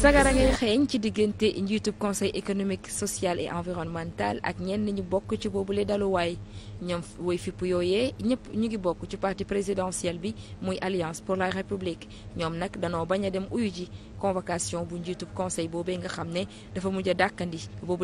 sagara ngay xeeñ ci diggante njiitu conseil économique social et environnemental ak ñenn ñu bokk ci boobu li daluwaay ñoom woy fipp yooyee ñëpp ñu ngi bokk ci parti présidentiel bi muy alliance pour la république ñoom nag danoo bañ a dem uyu ji convocation bu njiitu conseil boobee nga xam ne dafa mujj a dàkkandi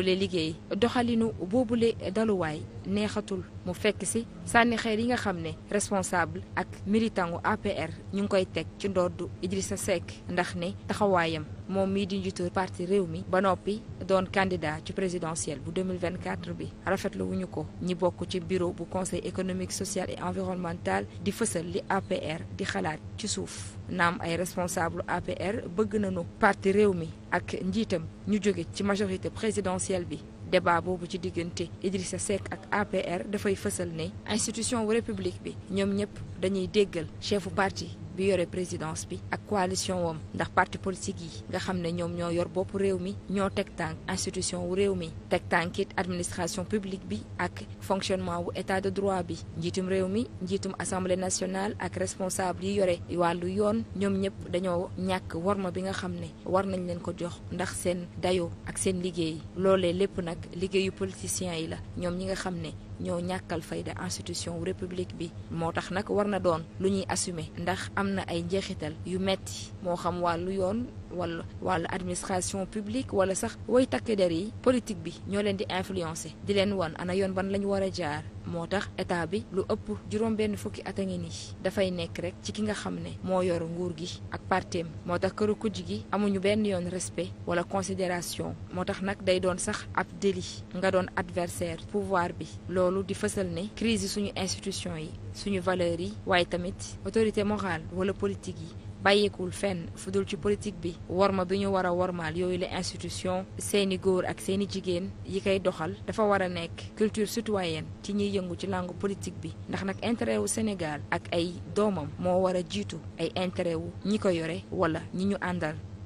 lee liggéey doxalinu boobule daluwaay neexatul mu fekk si sànni xeer yi nga xam ne responsable ak militant APR ñu ngi koy teg ci ndoddu sa Seck ndax ne taxawaayam moom mii di njiitu parti réew mi ba noppi doon candidat ci présidentielle bu 2024 bi rafetlu wuñu ko ñi bokk ci bureau bu conseil économique social et environnemental di fësal li APR di xalaat ci suuf naam ay responsable APR bëgg na nañu parti réew mi ak njiitam ñu jóge ci majorité présidentielle bi débat boobu ci diggante Idrissa Seck ak APR dafay fësal ne institution wu république bi ñoom ñëpp dañuy déggal chefu parti bi yore présidence bi ak coalition woom ndax parti politique yi nga xam ne ñoom ñoo yor bopp réew mi ñoo teg tànk institution wu réew mi teg tànkit administration publique bi ak fonctionnement wu état de droit bi njiitum réew mi njiitum assemblée nationale ak responsable yi yore wàllu yoon ñoom ñëpp dañoo ñàkk warma bi nga xam ne war nañ leen ko jox ndax seen dayoo ak seen liggéey loolee lépp nag liggéeyu politiciens yi la ñoom ñi nga xam ne ñoo ñàkkal fayda institution wu république bi moo tax nag war na doon lu ñuy assumer ndax am na ay njeexital yu metti moo xam wàllu yoon wala wàllu administration publique wala sax way takk der yi politique bi ñoo leen di influencer di leen wan ana yoon ban lañu war a jaar moo tax état bi lu ëpp juróom benn fukki at a ngi nii dafay nekk rek ci ki nga xam ne moo yor nguur gi ak parteem moo tax këru kujj gi amuñu benn yoon respe wala considération moo tax nag day doon sax ab délit nga doon adversaire pouvoir bi loolu di fësal ne crise suñu institution yi suñu valeur yi waaye tamit autorité morale wala politique yi bàyyikul fenn fu dul ci politique bi worma bi ñu war a wormaal yooyu la institution seeni góor ak seeni jigéen yi koy doxal dafa war a nekk culture citoyenne ci ñiy yëngu ci langue politique bi ndax nag intérêt wu Sénégal ak ay doomam moo war a jiitu ay intérêt wu ñi ko yore wala ñi ñu àndal